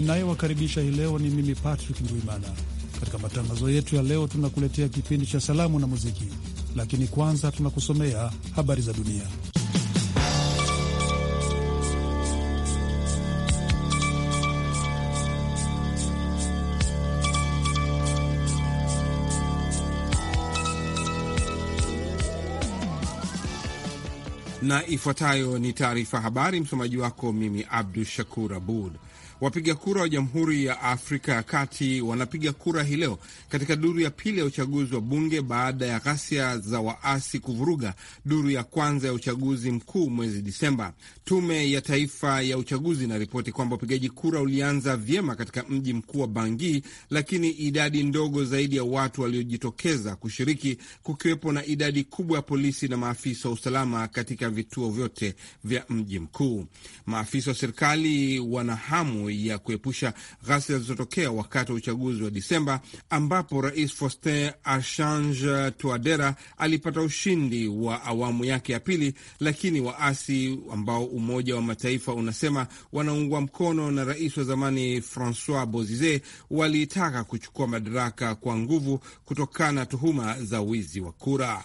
ninayewakaribisha hii leo ni mimi Patrick Ndwimana. Katika matangazo yetu ya leo, tunakuletea kipindi cha salamu na muziki, lakini kwanza tunakusomea habari za dunia. na ifuatayo ni taarifa habari. Msomaji wako mimi Abdu Shakur Abud. Wapiga kura wa Jamhuri ya Afrika ya Kati wanapiga kura hii leo katika duru ya pili ya uchaguzi wa bunge baada ya ghasia za waasi kuvuruga duru ya kwanza ya uchaguzi mkuu mwezi Disemba. Tume ya Taifa ya Uchaguzi inaripoti kwamba upigaji kura ulianza vyema katika mji mkuu wa Bangi, lakini idadi ndogo zaidi ya watu waliojitokeza kushiriki, kukiwepo na idadi kubwa ya polisi na maafisa wa usalama katika vituo vyote vya mji mkuu. Maafisa wa serikali wanahamu ya kuepusha ghasia zilizotokea wakati wa uchaguzi wa Disemba ambapo rais Faustin Archange Touadera alipata ushindi wa awamu yake ya pili, lakini waasi ambao Umoja wa Mataifa unasema wanaungwa mkono na rais wa zamani Francois Bozize walitaka kuchukua madaraka kwa nguvu kutokana na tuhuma za wizi wa kura.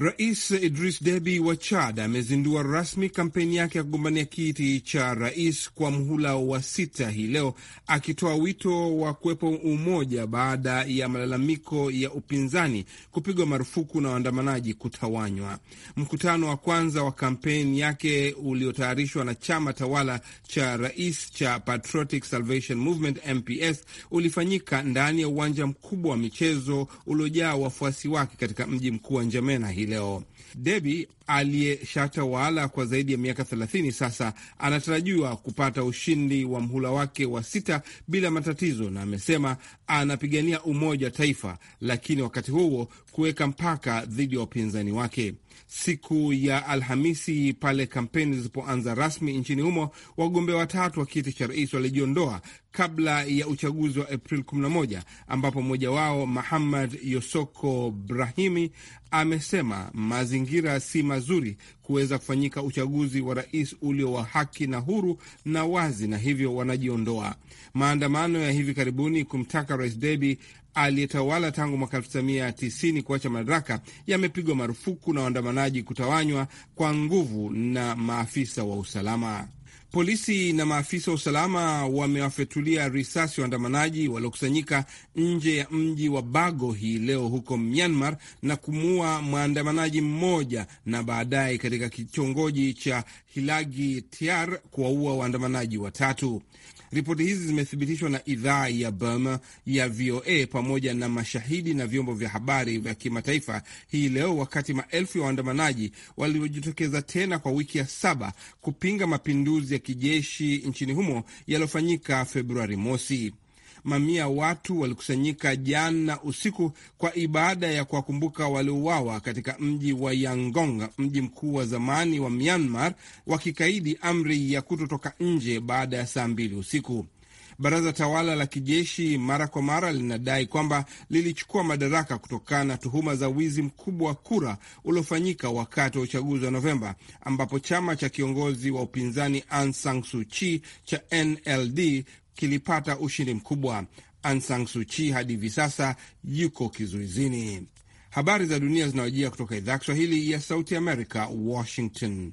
Rais Idris Deby wa Chad amezindua rasmi kampeni yake ya kugombania kiti cha rais kwa mhula wa sita hii leo, akitoa wito wa kuwepo umoja baada ya malalamiko ya upinzani kupigwa marufuku na waandamanaji kutawanywa. Mkutano wa kwanza wa kampeni yake uliotayarishwa na chama tawala cha rais cha Patriotic Salvation Movement MPS ulifanyika ndani ya uwanja mkubwa wa michezo uliojaa wafuasi wake katika mji mkuu wa Njamena hii leo. Debi aliyeshatawala kwa zaidi ya miaka 30 sasa anatarajiwa kupata ushindi wa mhula wake wa sita bila matatizo, na amesema anapigania umoja taifa, lakini wakati huo kuweka mpaka dhidi ya wapinzani wake siku ya Alhamisi pale kampeni zilipoanza rasmi nchini humo. Wagombea watatu wa kiti cha rais walijiondoa kabla ya uchaguzi wa april 11 ambapo mmoja wao Muhammad Yosoko Brahimi amesema mazingira si mazuri kuweza kufanyika uchaguzi wa rais ulio wa haki na huru na wazi, na hivyo wanajiondoa. Maandamano ya hivi karibuni kumtaka rais Deby aliyetawala tangu mwaka 1990 kuacha madaraka yamepigwa marufuku na waandamanaji kutawanywa kwa nguvu na maafisa wa usalama. Polisi na maafisa wa usalama wamewafyatulia risasi waandamanaji waliokusanyika nje ya mji wa Bago hii leo huko Myanmar na kumuua mwandamanaji mmoja na baadaye katika kitongoji cha Hilagi Tiar kuwaua waandamanaji watatu. Ripoti hizi zimethibitishwa na idhaa ya Burma ya VOA pamoja na mashahidi na vyombo vya habari vya kimataifa hii leo, wakati maelfu ya waandamanaji waliojitokeza tena kwa wiki ya saba kupinga mapinduzi ya kijeshi nchini humo yaliyofanyika Februari mosi mamia watu walikusanyika jana usiku kwa ibada ya kuwakumbuka waliouawa katika mji wa Yangon, mji mkuu wa zamani wa Myanmar, wakikaidi amri ya kutotoka nje baada ya saa mbili usiku. Baraza tawala la kijeshi mara kwa mara linadai kwamba lilichukua madaraka kutokana na tuhuma za wizi mkubwa wa kura uliofanyika wakati wa uchaguzi wa Novemba, ambapo chama cha kiongozi wa upinzani Aung San Suu Kyi cha NLD kilipata ushindi mkubwa. Aung San Suu Kyi hadi hivi sasa yuko kizuizini. Habari za dunia zinawajia kutoka idhaa Kiswahili ya Sauti Amerika, Washington.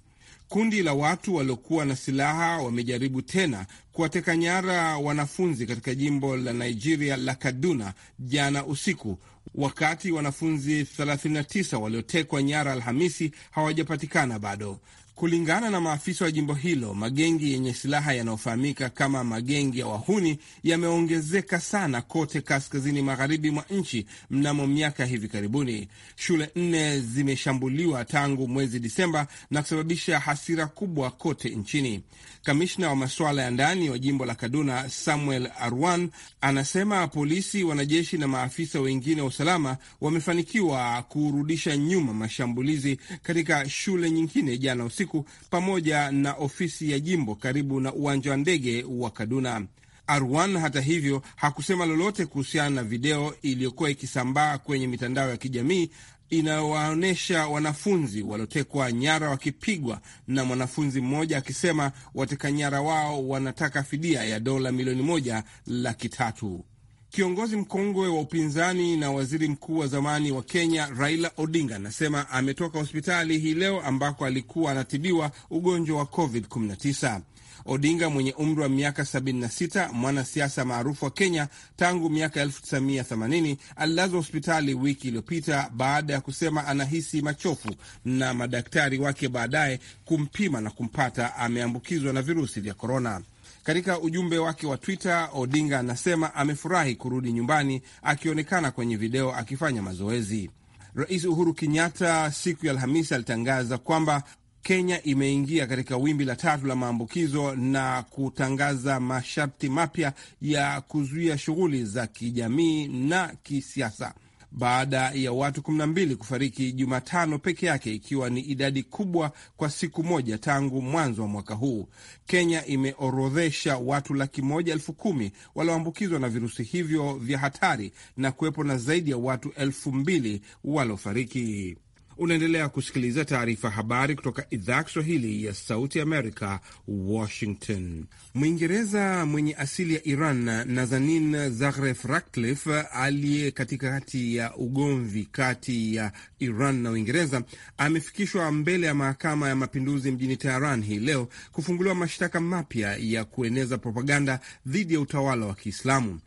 Kundi la watu waliokuwa na silaha wamejaribu tena kuwateka nyara wanafunzi katika jimbo la Nigeria la Kaduna jana usiku, wakati wanafunzi 39 waliotekwa nyara Alhamisi hawajapatikana bado. Kulingana na maafisa wa jimbo hilo, magengi yenye silaha yanayofahamika kama magengi ya wahuni yameongezeka sana kote kaskazini magharibi mwa nchi mnamo miaka hivi karibuni. Shule nne zimeshambuliwa tangu mwezi Disemba na kusababisha hasira kubwa kote nchini. Kamishna wa masuala ya ndani wa jimbo la Kaduna, Samuel Arwan, anasema polisi, wanajeshi na maafisa wengine wa usalama wamefanikiwa kurudisha nyuma mashambulizi katika shule nyingine jana usiku usiku pamoja na ofisi ya jimbo karibu na uwanja wa ndege wa Kaduna. Arwan hata hivyo hakusema lolote kuhusiana na video iliyokuwa ikisambaa kwenye mitandao ya kijamii inayowaonyesha wanafunzi waliotekwa nyara wakipigwa na mwanafunzi mmoja akisema wateka nyara wao wanataka fidia ya dola milioni moja laki tatu. Kiongozi mkongwe wa upinzani na waziri mkuu wa zamani wa Kenya Raila Odinga anasema ametoka hospitali hii leo ambako alikuwa anatibiwa ugonjwa wa COVID-19. Odinga mwenye umri wa miaka 76, mwanasiasa maarufu wa Kenya tangu miaka 1980, alilazwa hospitali wiki iliyopita baada ya kusema anahisi machofu na madaktari wake baadaye kumpima na kumpata ameambukizwa na virusi vya korona. Katika ujumbe wake wa Twitter, Odinga anasema amefurahi kurudi nyumbani, akionekana kwenye video akifanya mazoezi. Rais Uhuru Kenyatta siku ya Alhamisi alitangaza kwamba Kenya imeingia katika wimbi la tatu la maambukizo na kutangaza masharti mapya ya kuzuia shughuli za kijamii na kisiasa baada ya watu 12 kufariki Jumatano peke yake, ikiwa ni idadi kubwa kwa siku moja tangu mwanzo wa mwaka huu. Kenya imeorodhesha watu laki moja elfu kumi walioambukizwa na virusi hivyo vya hatari na kuwepo na zaidi ya watu elfu mbili waliofariki. Unaendelea kusikiliza taarifa habari kutoka idhaa Kiswahili ya sauti Amerika, Washington. Mwingereza mwenye asili ya Iran, Nazanin zaghref Ratcliffe, aliye katikati ya ugomvi kati ya Iran na Uingereza, amefikishwa mbele ya mahakama ya mapinduzi mjini Teheran hii leo kufunguliwa mashtaka mapya ya kueneza propaganda dhidi ya utawala wa Kiislamu.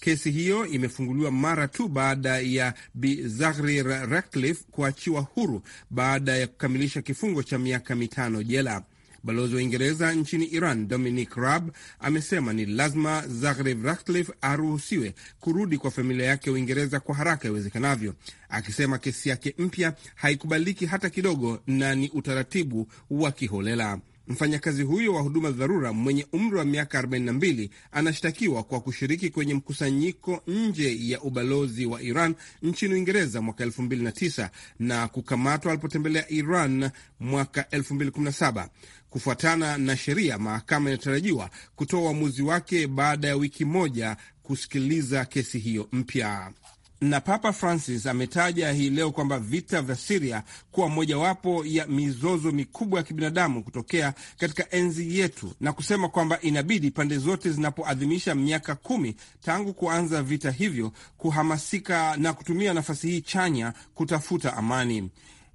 Kesi hiyo imefunguliwa mara tu baada ya Bi Zahrir Ratcliffe kuachiwa huru baada ya kukamilisha kifungo cha miaka mitano jela. Balozi wa Uingereza nchini Iran Dominic Raab amesema ni lazima Zagreb Ratcliffe aruhusiwe kurudi kwa familia yake Uingereza kwa haraka iwezekanavyo, akisema kesi yake mpya haikubaliki hata kidogo na ni utaratibu wa kiholela. Mfanyakazi huyo wa huduma dharura mwenye umri wa miaka 42 anashtakiwa kwa kushiriki kwenye mkusanyiko nje ya ubalozi wa Iran nchini Uingereza mwaka 2009 na kukamatwa alipotembelea Iran mwaka 2017. Kufuatana na sheria, mahakama inatarajiwa kutoa uamuzi wake baada ya wiki moja kusikiliza kesi hiyo mpya na Papa Francis ametaja hii leo kwamba vita vya Siria kuwa mojawapo ya mizozo mikubwa ya kibinadamu kutokea katika enzi yetu, na kusema kwamba inabidi pande zote zinapoadhimisha miaka kumi tangu kuanza vita hivyo kuhamasika na kutumia nafasi hii chanya kutafuta amani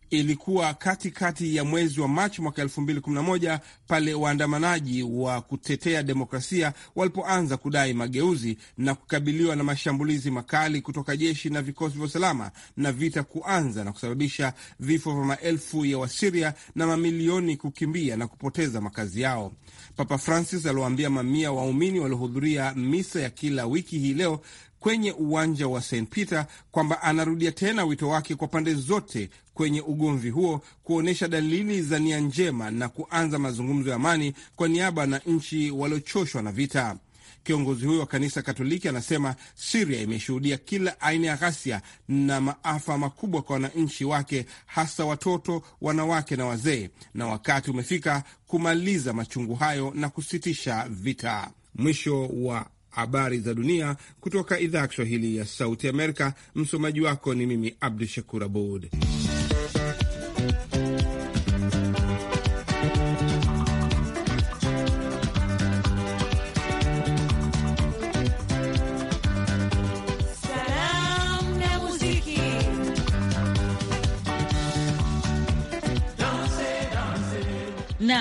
ilikuwa katikati kati ya mwezi wa Machi mwaka 2011 pale waandamanaji wa kutetea demokrasia walipoanza kudai mageuzi na kukabiliwa na mashambulizi makali kutoka jeshi na vikosi vya usalama na vita kuanza na kusababisha vifo vya maelfu ya Wasiria na mamilioni kukimbia na kupoteza makazi yao. Papa Francis aliwaambia mamia waumini waliohudhuria misa ya kila wiki hii leo kwenye uwanja wa St Peter kwamba anarudia tena wito wake kwa pande zote kwenye ugomvi huo kuonyesha dalili za nia njema na kuanza mazungumzo ya amani kwa niaba na nchi waliochoshwa na vita. Kiongozi huyo wa kanisa Katoliki anasema Siria imeshuhudia kila aina ya ghasia na maafa makubwa kwa wananchi wake, hasa watoto, wanawake na wazee, na wakati umefika kumaliza machungu hayo na kusitisha vita. Mwisho wa Habari za dunia kutoka idhaa ya Kiswahili ya Sauti Amerika. Msomaji wako ni mimi Abdu Shakur Abud.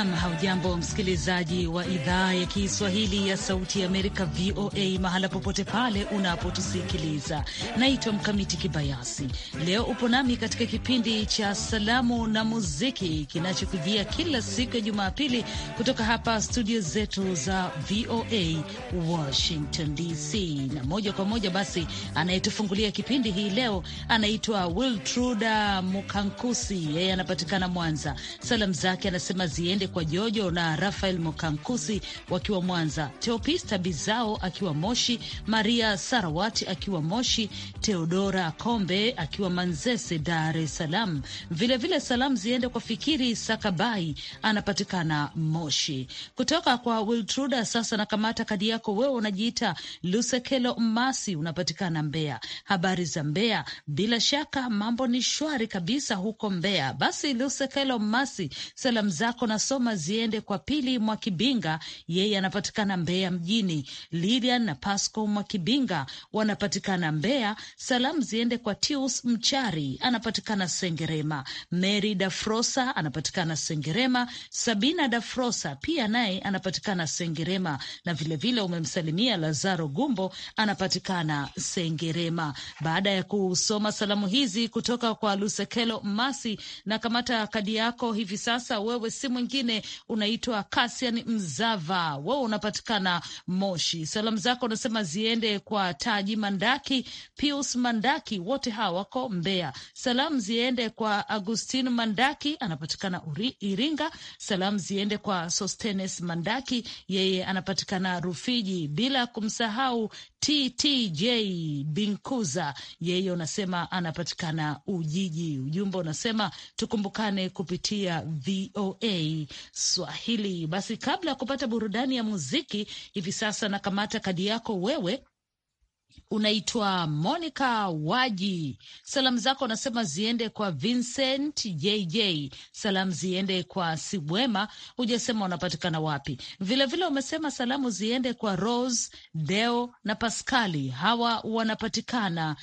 Nam, haujambo msikilizaji wa idhaa ya Kiswahili ya Sauti ya Amerika, VOA, mahala popote pale unapotusikiliza. Naitwa Mkamiti Kibayasi. Leo upo nami katika kipindi cha Salamu na Muziki kinachokujia kila siku ya Jumapili kutoka hapa studio zetu za VOA Washington DC, na moja kwa moja basi anayetufungulia kipindi hii leo anaitwa Wiltruda Mukankusi, yeye anapatikana Mwanza. Salamu zake anasema ziende kwa Jojo na Rafael Mokankusi wakiwa Mwanza, Teopista Bizao akiwa Moshi, Maria Sarawati akiwa Moshi, Teodora Kombe akiwa Manzese, Dar es Salaam. Vilevile salamu ziende kwa Fikiri Sakabai, anapatikana Moshi. Kutoka kwa Wiltruda sasa nakamata kadi yako wewe, unajiita Lusekelo Mmasi, unapatikana Mbeya. Habari za Mbeya? Bila shaka mambo ni shwari kabisa huko Mbeya. Basi Lusekelo Mmasi, salamu zako nasoma ziende kwa Pili Mwakibinga, yeye anapatikana Mbeya mjini. Lilian na Pasco Mwakibinga wanapatikana Mbeya. Salamu ziende kwa Tius Mchari, anapatikana Sengerema. Mary Dafrosa anapatikana Sengerema. Sabina Dafrosa pia naye anapatikana Sengerema, na vilevile vile umemsalimia Lazaro Gumbo, anapatikana Sengerema. Baada ya kusoma salamu hizi kutoka kwa Lusekelo Masi, na kamata kadi yako hivi sasa, wewe si mwingine mwingine unaitwa Kasian Mzava, wewe unapatikana Moshi. Salamu zako unasema ziende kwa Taji Mandaki, Pius Mandaki, wote hawa wako Mbeya. Salamu ziende kwa Agustin Mandaki, anapatikana uri, Iringa. Salamu ziende kwa Sostenes Mandaki, yeye anapatikana Rufiji, bila kumsahau TTJ Binkuza, yeye unasema anapatikana Ujiji. Ujumbe unasema tukumbukane kupitia VOA Swahili. Basi kabla ya kupata burudani ya muziki hivi sasa, nakamata kadi yako wewe unaitwa Monica Waji. Salamu zako unasema ziende kwa Vincent JJ, salamu ziende kwa Sibwema, hujasema unapatikana wapi. Vilevile vile umesema salamu ziende kwa Rose Deo na Paskali, hawa wanapatikana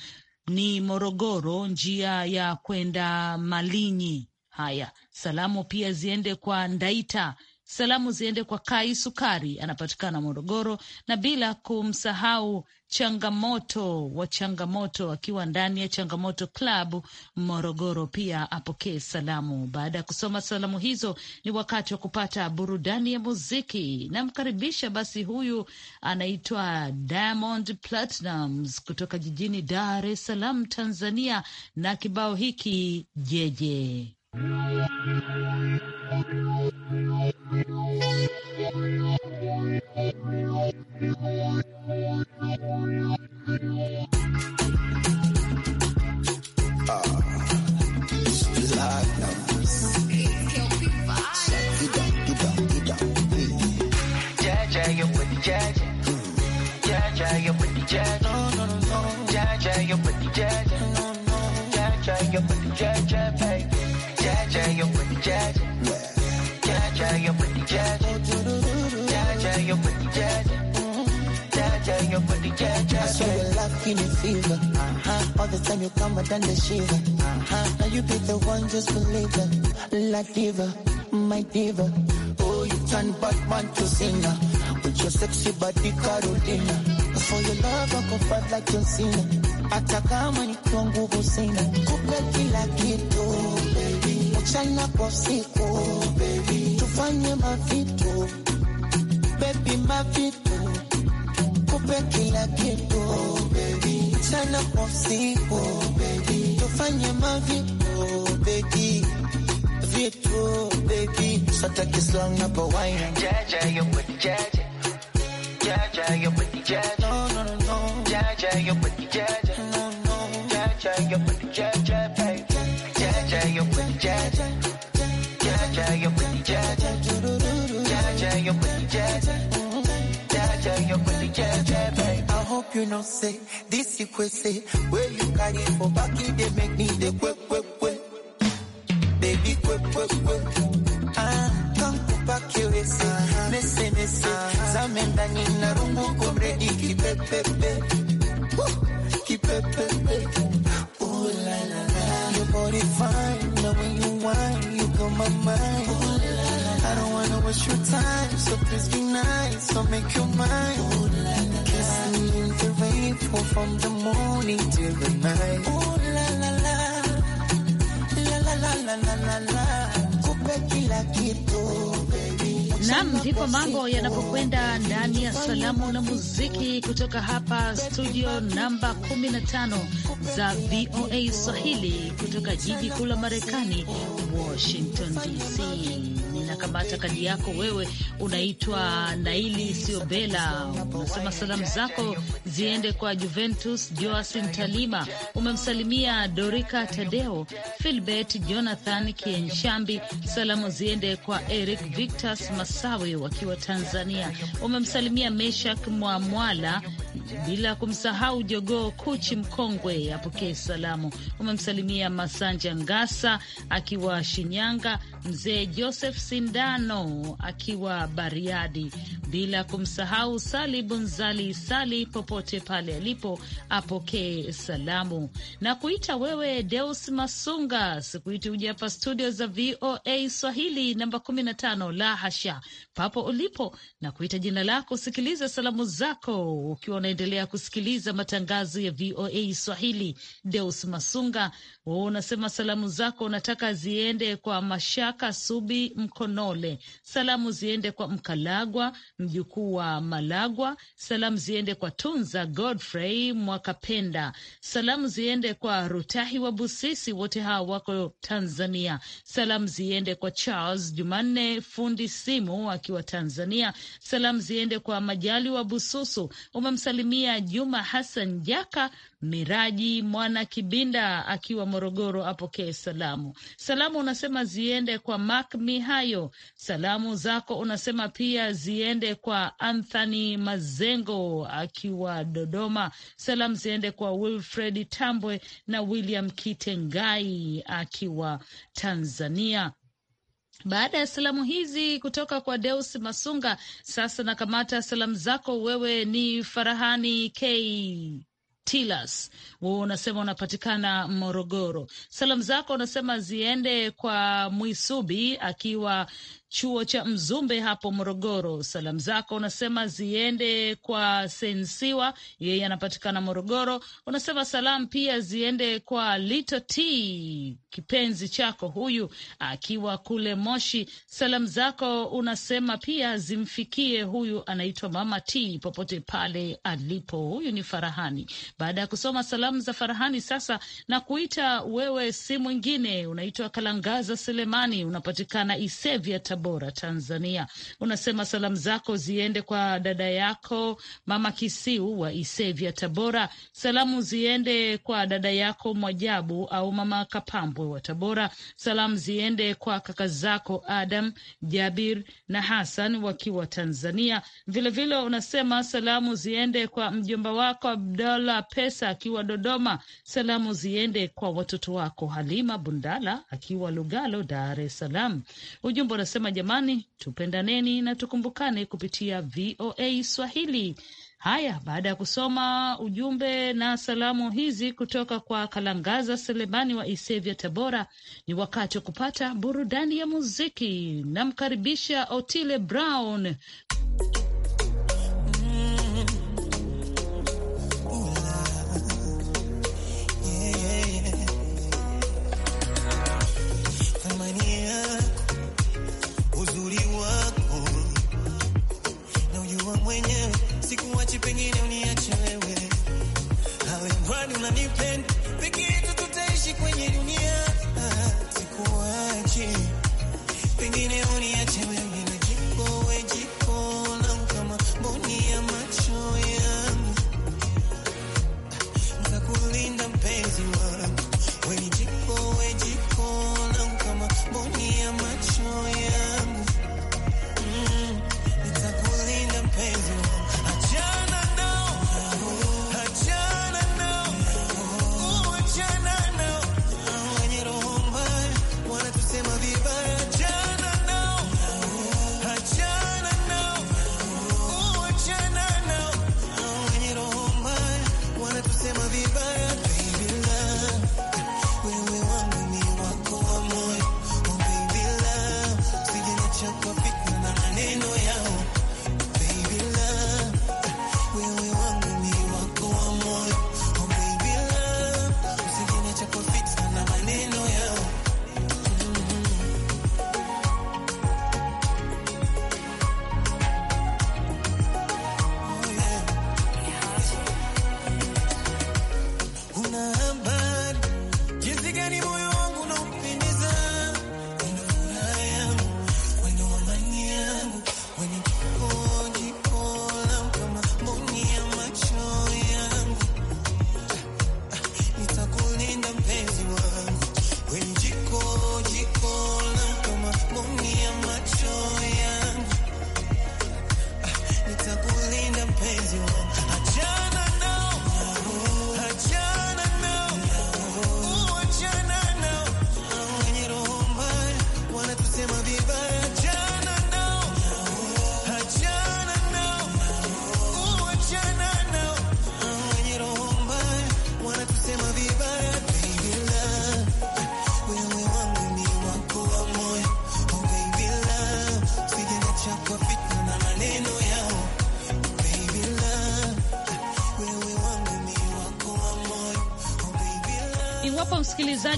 ni Morogoro, njia ya kwenda Malinyi. Haya, salamu pia ziende kwa Ndaita Salamu ziende kwa Kai Sukari, anapatikana Morogoro, na bila kumsahau changamoto wa changamoto akiwa ndani ya Changamoto Klabu Morogoro, pia apokee salamu. Baada ya kusoma salamu hizo, ni wakati wa kupata burudani ya muziki. Namkaribisha basi, huyu anaitwa Diamond Platnumz kutoka jijini Dar es Salaam, Tanzania, na kibao hiki jeje Jaja, you put judge. you're pretty I saw your in a fever. All the time you come, I done the shiver. Now you be the one, just believe it. La diva, my diva. Oh, you turn Batman to singer. With your sexy body, Carolina. For your love, I go fight like John Cena. Hata kama nikiwa nguvu sina, kupe kila kitu mchana kwa siku Tufanye mavitu bebi, mavitu kupe kila kitu Mchana kwa siku Tufanye mavitu bebi vitu bebi, sataki slang na bawaina jaja yo jaja jaja yo jaja no no no jaja yo jaja no no jaja yo jaja I hope you know say this you could say where you carry for back they make me the quick quick quick baby quick quick quick ah come back here nese nese zame ndani na rungu kumredi kipepepe kipepepe ooh la la la your body fine the way you wine on my mind. I don't wanna waste your time, so please be nice. So make your mind. Kissing in the rain, pour from the morning till the night. Ooh la la la, la la la la la la, la. kupe kila kitu Nam, ndipo mambo yanapokwenda ndani ya salamu na muziki kutoka hapa studio namba 15 za VOA Swahili kutoka jiji kuu la Marekani, Washington DC nakamata kadi yako wewe, unaitwa Naili sio Bela, unasema salamu zako ziende kwa Juventus Joasin Talima, umemsalimia Dorika Tadeo, Filbert Jonathan Kienshambi, salamu ziende kwa Eric Victas Masawe wakiwa Tanzania, umemsalimia Meshak Mwamwala bila kumsahau Jogoo Kuchi mkongwe apokee salamu. Umemsalimia Masanja Ngasa akiwa Shinyanga, mzee Joseph Sindano akiwa Bariadi, bila kumsahau Sali Bunzali Sali, popote pale alipo apokee salamu na kuita wewe. Deus Masunga, sikuiti huja hapa studio za VOA Swahili namba 15, la hasha, papo ulipo na kuita jina lako, sikiliza salamu zako ukiwa unaendelea kusikiliza matangazo ya VOA Swahili. Deus Masunga, unasema salamu zako unataka ziende kwa Mashaka Subi mkono Konole. Salamu ziende kwa Mkalagwa, mjukuu wa Malagwa. Salamu ziende kwa Tunza Godfrey Mwakapenda. Salamu ziende kwa Rutahi wa Busisi, wote hawa wako Tanzania. Salamu ziende kwa Charles Jumanne fundi simu akiwa Tanzania. Salamu ziende kwa Majali wa Bususu. Umemsalimia Juma Hassan Jaka Miraji Mwana Kibinda akiwa Morogoro apokee salamu. Salamu unasema ziende kwa Mak Mihayo. Salamu zako unasema pia ziende kwa Anthony Mazengo akiwa Dodoma. Salamu ziende kwa Wilfred Tambwe na William Kitengai akiwa Tanzania. Baada ya salamu hizi kutoka kwa Deus Masunga, sasa nakamata salamu zako. Wewe ni Farahani K Tilas unasema unapatikana Morogoro. Salamu zako unasema ziende kwa Mwisubi akiwa chuo cha Mzumbe hapo Morogoro. Salamu zako unasema ziende kwa Sensiwa, yeye anapatikana Morogoro. Unasema salamu pia ziende kwa Lito T, kipenzi chako huyu akiwa kule Moshi. Salamu zako unasema pia zimfikie huyu anaitwa Mama T popote pale alipo. Huyu ni Farahani. Baada ya kusoma salamu za Farahani, sasa na kuita wewe, si mwingine unaitwa Kalangaza Selemani, unapatikana Isevya Tabora, Tanzania. Unasema salamu zako ziende kwa dada yako mama Kisiu wa Isevya, Tabora. Salamu ziende kwa dada yako Mwajabu au mama Kapambwe wa Tabora. Salamu ziende kwa kaka zako Adam, Jabir na Hasan wakiwa Tanzania. Vilevile vile unasema salamu ziende kwa mjomba wako Abdallah Pesa akiwa Dodoma. Salamu ziende kwa watoto wako Halima Bundala akiwa Lugalo, Dar es Salaam. Ujumbe unasema jamani, tupendaneni na tukumbukane kupitia VOA Swahili. Haya, baada ya kusoma ujumbe na salamu hizi kutoka kwa Kalangaza Selemani wa Isevya, Tabora, ni wakati wa kupata burudani ya muziki. Namkaribisha Otile Brown.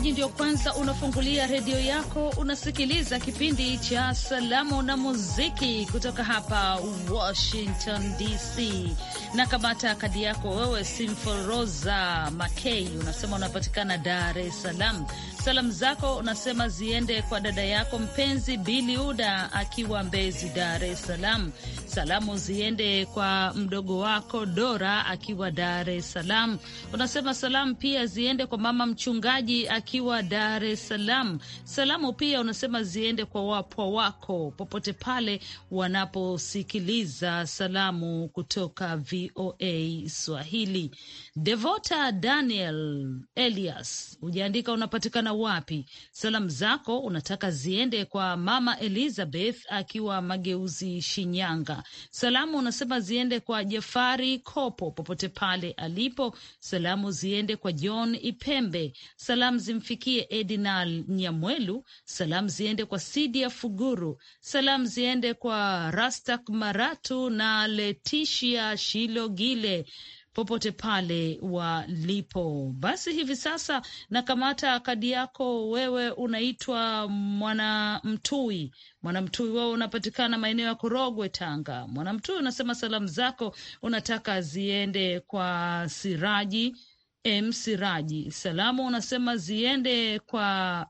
msikilizaji ndio kwanza unafungulia redio yako, unasikiliza kipindi cha salamu na muziki kutoka hapa Washington DC. Na kamata kadi yako wewe, simforosa Makei, unasema unapatikana Dar es Salaam Salamu zako unasema ziende kwa dada yako mpenzi bili uda akiwa Mbezi, Dar es Salaam. Salamu ziende kwa mdogo wako Dora akiwa Dar es Salaam. Unasema salamu pia ziende kwa mama mchungaji akiwa Dar es Salaam. Salamu pia unasema ziende kwa wapwa wako popote pale wanaposikiliza salamu kutoka VOA Swahili. Devota Daniel Elias, ujaandika unapatikana na wapi salamu zako unataka ziende kwa mama Elizabeth akiwa Mageuzi, Shinyanga. Salamu unasema ziende kwa Jafari Kopo popote pale alipo. Salamu ziende kwa John Ipembe. Salamu zimfikie Edinal Nyamwelu. Salamu ziende kwa Sidia Fuguru. Salamu ziende kwa Rastak Maratu na Letishia Shilogile popote pale walipo. Basi hivi sasa nakamata kadi yako, wewe unaitwa Mwanamtui. Mwanamtui, wewe unapatikana maeneo ya Korogwe, Tanga. Mwanamtui, unasema salamu zako unataka ziende kwa Siraji M Siraji, salamu unasema ziende kwa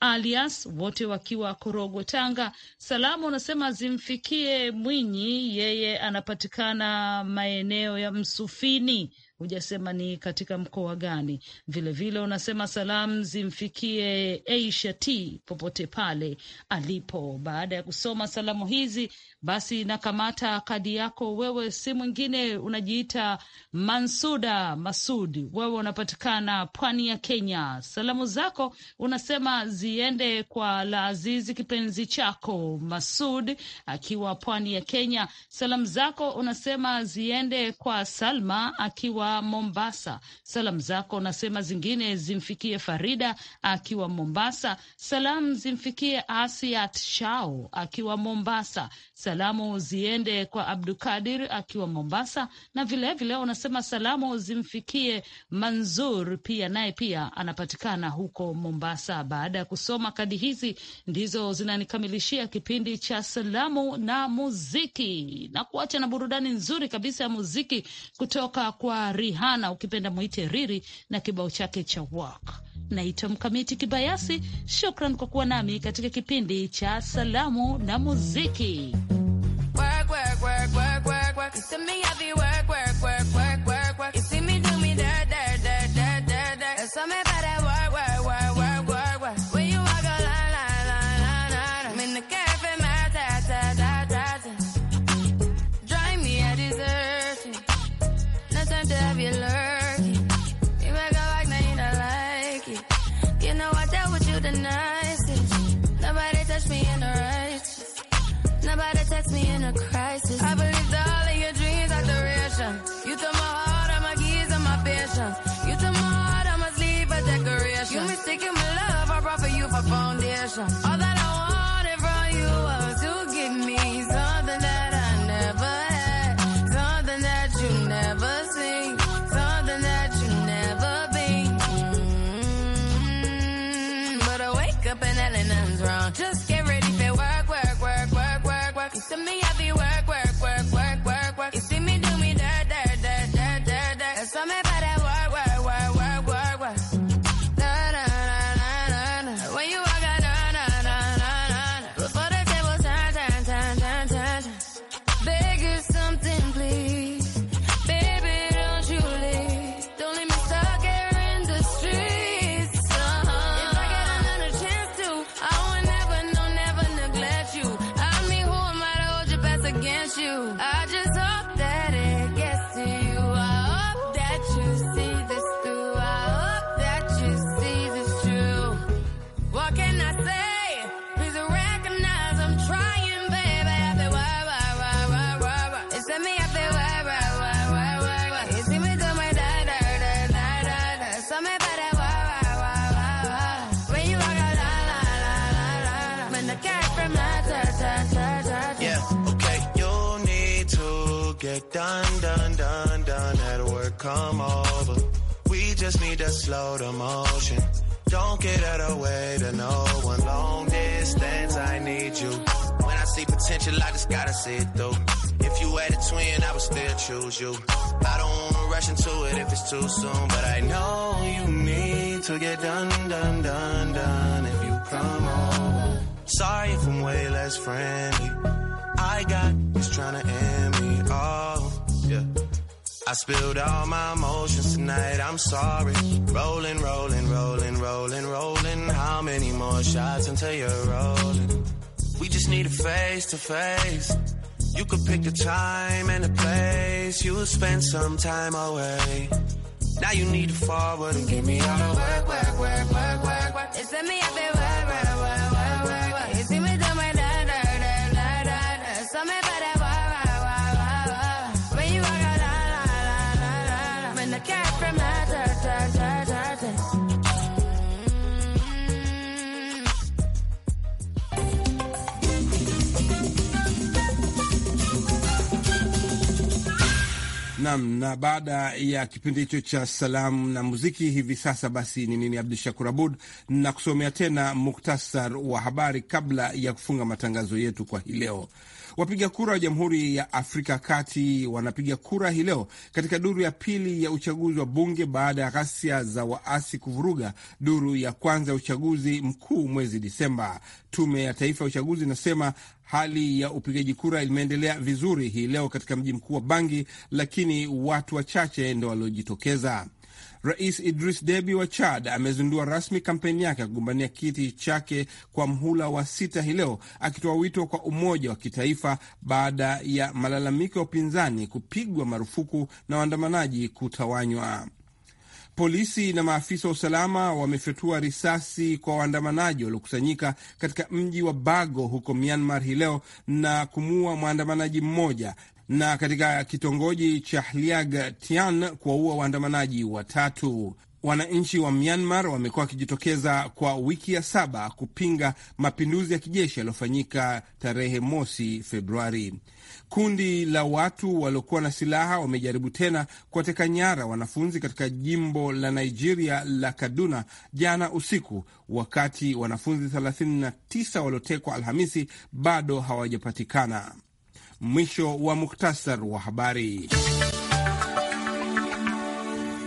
alias wote wakiwa Korogwe, Tanga. Salamu unasema zimfikie Mwinyi, yeye anapatikana maeneo ya Msufini, hujasema ni katika mkoa gani. Vilevile unasema salamu zimfikie Aisha T popote pale alipo. Baada ya kusoma salamu hizi, basi nakamata kadi yako wewe, si mwingine unajiita Mansuda Masudi, wewe unapatikana pwani ya Kenya. Salamu zako unasema ziende kwa Laazizi kipenzi chako Masud akiwa pwani ya Kenya. Salamu zako unasema ziende kwa Salma akiwa Mombasa. Salamu zako unasema zingine zimfikie Farida akiwa Mombasa. Salamu zimfikie Asiat Shao akiwa Mombasa. Salamu Salamu ziende kwa Abdukadir akiwa Mombasa, na vilevile vile salamu zimfikie Manzur pia, naye pia anapatikana huko Mombasa. Baada ya kusoma kadi hizi, ndizo zinanikamilishia kipindi cha salamu na muziki, na kuacha na burudani nzuri kabisa ya muziki kutoka kwa Rihana, ukipenda mwite Riri, na kibao chake cha Walk. Naitwa Mkamiti Kibayasi. Shukran kwa kuwa nami katika kipindi cha salamu na muziki. Other. just need to slow the motion. Don't get out of the way to no one. Long distance, I need you. When I see potential, I just gotta see it through. If you had a twin, I would still choose you. I don't wanna rush into it if it's too soon, but I know you need to get done, done, done, done. If you come over, sorry if I'm way less friendly. I got just trying to end me. I spilled all my emotions tonight, I'm sorry. Rolling, rolling, rolling, rolling, rolling. How many more shots until you're rolling? We just need a face to face. You could pick the time and the place. You'll spend some time away. Now you need to forward and give me all the work, work, work, work, work, work. It's me Nam, na baada ya kipindi hicho cha salamu na muziki, hivi sasa basi ni nini, Abdu Shakur Abud na kusomea tena muktasar wa habari kabla ya kufunga matangazo yetu kwa hii leo. Wapiga kura wa Jamhuri ya Afrika Kati wanapiga kura hii leo katika duru ya pili ya uchaguzi wa bunge baada ya ghasia za waasi kuvuruga duru ya kwanza ya uchaguzi mkuu mwezi Disemba. Tume ya Taifa ya Uchaguzi inasema Hali ya upigaji kura imeendelea vizuri hii leo katika mji mkuu wa Bangi, lakini watu wachache ndo waliojitokeza. Rais Idris Deby wa Chad amezindua rasmi kampeni yake ya kugombania kiti chake kwa mhula wa sita hii leo, akitoa wito kwa umoja wa kitaifa baada ya malalamiko ya upinzani kupigwa marufuku na waandamanaji kutawanywa. Polisi na maafisa wa usalama wamefyatua risasi kwa waandamanaji waliokusanyika katika mji wa Bago huko Myanmar hii leo na kumuua mwandamanaji mmoja na katika kitongoji cha Hliag Tian kuwaua waandamanaji watatu. Wananchi wa Myanmar wamekuwa wakijitokeza kwa wiki ya saba kupinga mapinduzi ya kijeshi yaliyofanyika tarehe mosi Februari. Kundi la watu waliokuwa na silaha wamejaribu tena kuwateka nyara wanafunzi katika jimbo la Nigeria la Kaduna jana usiku, wakati wanafunzi 39 waliotekwa Alhamisi bado hawajapatikana. Mwisho wa muktasar wa habari.